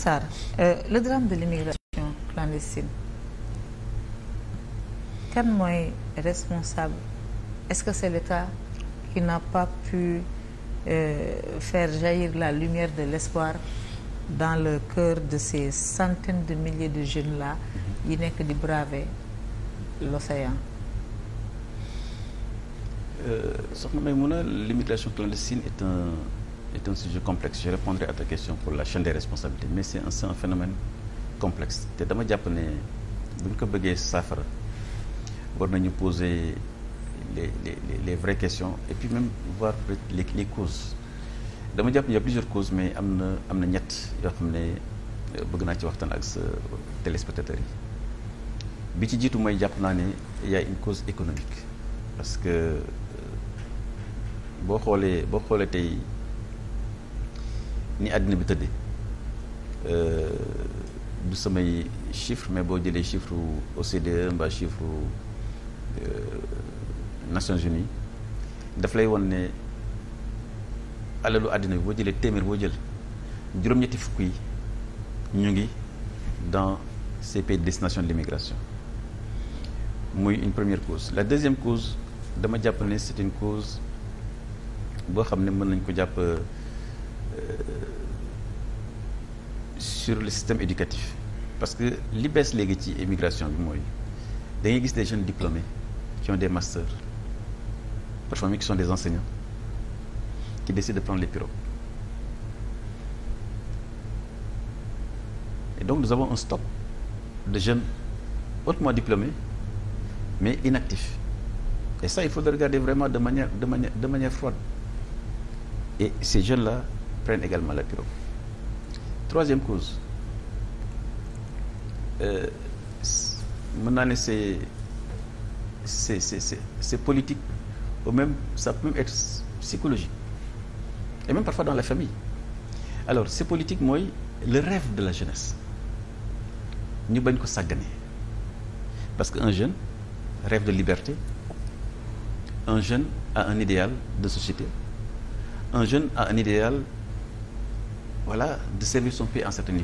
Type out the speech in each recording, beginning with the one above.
Sarr euh, le drame de l'immigration clandestine kan mooy responsable est-ce que c'est l'État qui n'a pas pu euh, faire jaillir la lumière de l'espoir dans le cœur de ces centaines de milliers de jeunes là yi nekk di braver l'océan euh, soxna Maïmouna l'immigration clandestine est un est un sujet complexe je répondrai à ta question pour la chaîne des responsabilités mais c'est un, c'est un phénomène complexe te dama jàpp ne bu ñu ko bëggee saafara war nañu poser les les les vraies questions et puis même voir les les causes dama jàpp ne y a plusieurs causes mais am na am na ñett yoo xam ne euh, bëgg naa ci waxtaan ak sa téléspectateurs yi bi ci jiitu mooy jàpp naa ne y a une cause économique parce que euh, boo xoolee boo xoolee tey. ni àddina bi tëddee euh, du samay chiffre mais boo jëlee chiffre OCDE mbaa chiffre euh, Nations Unies daf lay wan ne alalu àddina bi boo jëlee téeméer boo jël juróom-ñetti fukk yi ñu ngi dans ces pays de destination de l'immigration muy une première cause la deuxième cause dama jàpp ne c'est une cause boo xam ne mën nañ ko jàpp sur le système éducatif parce que li bees léegi ci immigration bi mooy da ngay gis des jeunes diplômés qui ont des masters parfois qui sont des enseignants qui décident de prendre les pirogues et donc nous avons un stock de jeunes hautement diplômés mais inactifs et ça il faut le regarder vraiment de manière de manière de manière froide et ces jeunes là prennent également la pirogue troisième cause euh, mën naa ne c'est c'est c'est c'est politique au même ça peut même être psychologique et même parfois dans la famille alors c'est politique mooy le rêve de la jeunesse ñu bañ ko sàggane parce que un jeune rêve de liberté un jeune a un idéal de société un jeune a un idéal voilà, de servir son pays à un certain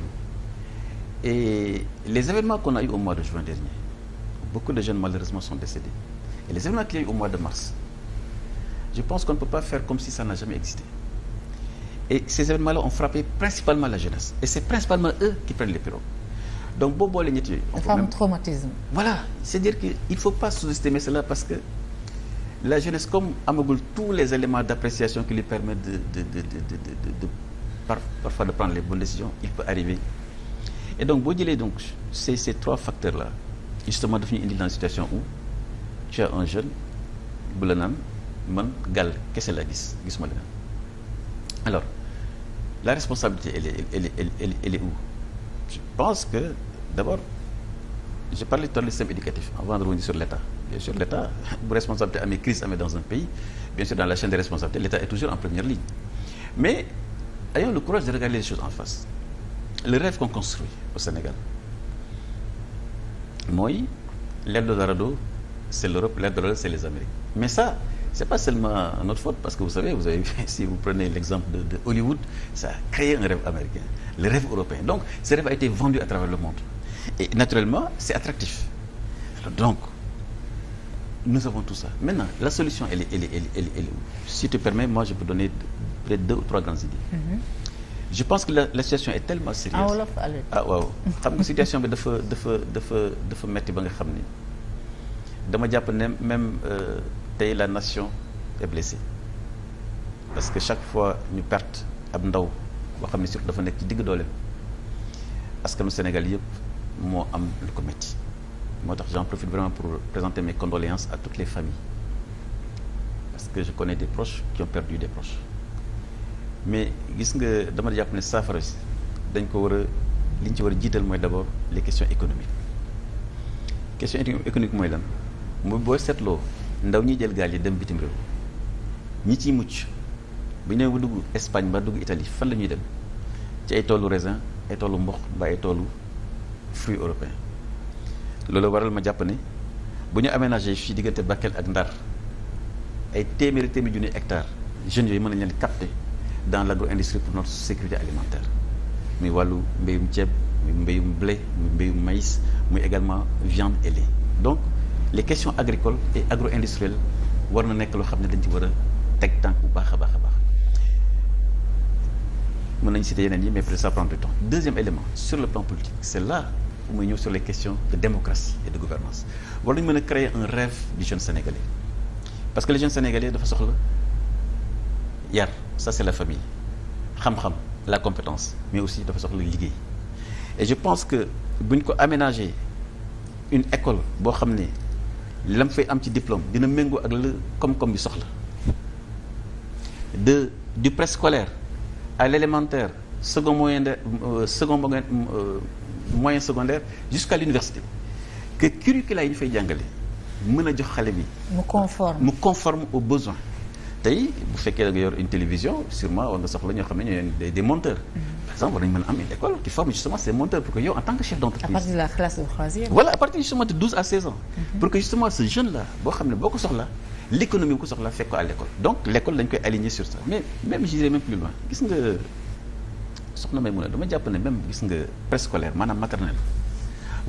Et les événements qu'on a eu au mois de juin dernier, beaucoup de jeunes malheureusement sont décédés. Et les événements qu'il y a eu au mois de mars, je pense qu'on ne peut pas faire comme si ça n'a jamais existé. Et ces événements-là ont frappé principalement la jeunesse. Et c'est principalement eux qui prennent les pirogues. Donc, Bobo les Nietzsche. Forme même... traumatisme. parce que la jeunesse, comme Amagoul, tous les éléments d'appréciation qui lui permettent par parfois de prendre les bonnes décisions il peut arriver et donc boo jëlee donc ces ces trois facteurs là justement daf ñu indi dans une situation où tu as un jeune bu la naan man gàll kese la gis gisuma leneen alors la responsabilité elle est elle est elle est je pense que d'abord j'ai parlé tout le système éducatif avant de revenir sur l'État bien sûr l'État bu responsabilité amee crise amee dans un pays bien sûr dans la chaîne des responsabilités l'État est toujours ayons le courage de regarder les choses en face le rêve qu'on construit au Sénégal mooy l'Eldorado c'est l'Europe l'Eldorado c'est les Amériques mais ça c'est pas seulement notre faute parce que vous savez vous avez si vous prenez l'exemple de, de Hollywood ça a créé un rêve américain le rêve européen donc ce rêve a été vendu à travers le monde et naturellement c'est attractif donc nous avons tout ça maintenant la solution elle est elle est si tu permets moi je peux donner peut-être deux ou trois grandes idées. Mhm. je pense que la, la situation est tellement sérieuse ah, ah waaw xam nga situation bi dafa dafa dafa dafa metti ba nga xam ne dama jàpp ne même euh, tey la nation est blessée parce que chaque fois ñu perte ab ndaw boo xam ne surtout dafa nekk ci digg dooleem askanu Sénégal yëpp moo am lu ko metti moo tax j'en profite vraiment pour présenter mes condoléances à toutes les familles parce que je connais des proches qui ont perdu des proches mais gis nga dama jàpp ne saafara si dañ ko war a li ñu ci war a jiital mooy d'abord les questions économique question économique mooy lan mooy boo seetloo ndaw ñi jël gaal yi dem bitim réew ñi ciy mucc bu ñu nee ba dugg Espagne ba dugg Italie fan la ñuy dem ci ay toolu raisin ay toolu mboq ba ay toolu fruits européens loolu waral ma jàpp ni bu ñu aménagé fii diggante Bakel ak Ndar ay téeméeri téeméeri junni hectares jeunes yooyu mën nañ leen capter dans l'agro-industrie pour notre sécurité alimentaire muy wàllu mbéyum ceeb muy mbéyum blé muy mbéyum maïs muy également viande et lait donc les questions agricoles et agro-industrielles war na nekk loo xam ne dañ ci war teg tànk bu baax a baax a baax mën nañ citer yeneen yi mais peut-être ça prend du temps deuxième élément sur le plan politique c'est pour muy ñëw sur les questions de démocratie et de gouvernance war nañu mën a créer un rêve du jeune sénégalais parce que les jeunes sénégalais dafa soxla yar sa c'est la famille xam-xam la compétence mais aussi dafa soxla liggéey et je pense que buñ ko aménagé une école boo xam ne lam fay am ci diplôme dina méngoo ak la koom-koom bi soxla de du préscolaire à l'élémentaire second moyen de euh, second moyen euh, moyen secondaire jusqu'à l'université que curricula yi ñu fay jàngale mën a jox xale bi mu conforme mu conforme aux besoins tey bu fekkee da nga une télévision sûrement war nga soxla ñoo xam ne ñooy des mm-hmm. par exemple war nañu a am une école qui forme justement ces monteurs pour que yow en tant que chef d'entreprise à voilà à justement de à 16 ans mm-hmm. pour que justement ce jeune là boo xam ne boo ko soxla l'économie bu ko soxla fekk ko à l'école donc soxna may mun a dama jàpp ne même gis nga préscolaire maanaam maternelle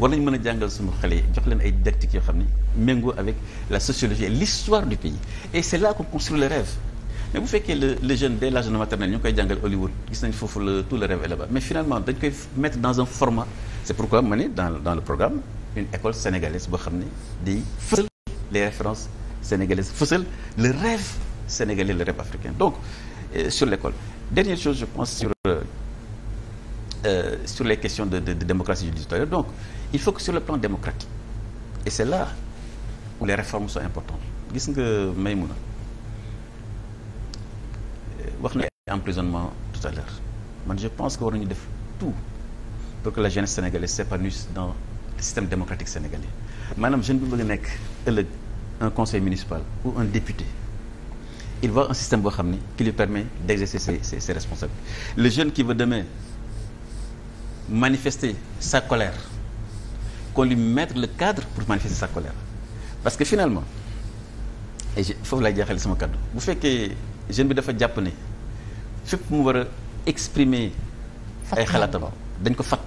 war nañu mën a jàngal suñu xale yi jox leen ay didactiques yoo xam ne méngoo avec la sociologie et l'histoire du pays et c'est là qu'on construit le rêve mais de maternelle koy jàngal Hollywood gis nañ foofu le tout le rêve est là-bas mais finalement dañ koy mettre dans un format c'est pourquoi ma ne dans le programme une école sénégalaise boo xam ne day fësal les références sénégalaises fësal le rêve sénégalais le rêve africain donc euh, sur l'école dernière chose je pense sur euh, euh, sur les questions de, de, de démocratie judiciaire. Donc, il faut que sur le plan démocratique, et c'est là où les réformes sont importantes. Gis nga Maïmouna euh, wax na emprisonnement tout à l'heure man je pense que war nañu def tout pour que la jeunesse sénégalaise s'épanouisse dans le système démocratique sénégalais maanaam jeune bi bëgg nekk ëllëg un conseil municipal ou un député il voit un système boo xam ni qui lui permet d'exercer ses, ses, le jeune manifester sa colère qu'on lui mette le cadre pour manifester sa colère parce que finalement et foofu lay jeexale sama kàddu bu fekkee jeune bi dafa jàpp ne fépp mu war a exprimer ay xalaatam dañ ko fat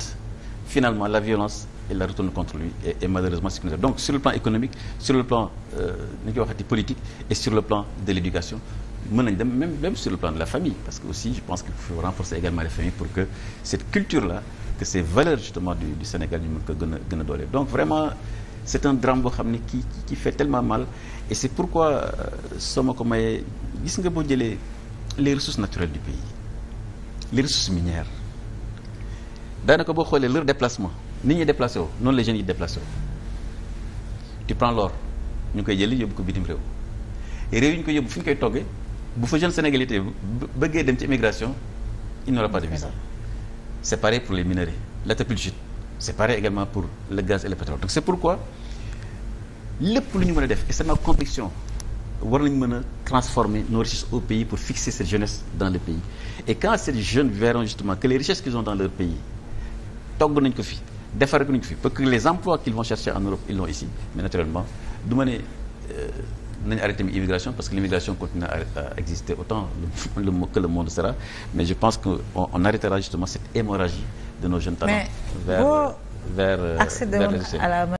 finalement la violence elle la retourne contre lui et, et malheureusement c'est donc sur le plan économique sur le plan euh, ni ñu koy waxati politique et sur le plan de l'éducation mën nañ dem même même sur le plan de la famille parce que aussi je pense qu'il faut renforcer également les familles pour que cette culture la que ces valeurs justement du Sénégal ñu mën ko gën a gën a doole donc vraiment c'est un drame boo xam ne ki qui fait tellement mal et c'est pourquoi euh, soo ma ko may gis nga boo jëlee les ressources naturel du pays les ressources minières daanaka boo xoolee leur déplacement ni ñuy déplacé woo noonu la jeunes yi déplacé woo tu koy jëli yóbbu ko bitim réew réew yi ko yóbbu fi ñu koy toggee bu fa jeune sénégalais yi bëggee dem ci immigration il n'aura pas de visa c'est pareil pour les minerais l'attapulgite c'est pareil également pour le gaz et le pétrole donc c'est pourquoi lépp lu ñu mën a def et c'est ma conviction war nañu mën a transformer nos richesses au pays pour fixer cette jeunesse dans le pays et quand ces jeunes verront justement que les richesses qu'ils ont dans leur pays togg nañ ko fi defar ko nañ ko fi pour que les emplois qu'ils vont chercher en Europe ils l'ont ici mais nañu arrêté mi immigration parce que l'immigration continue à exister autant le que le monde sera mais je pense que on, on arrêtera justement cette hémorragie de nos jeunes talents vers vers euh, vers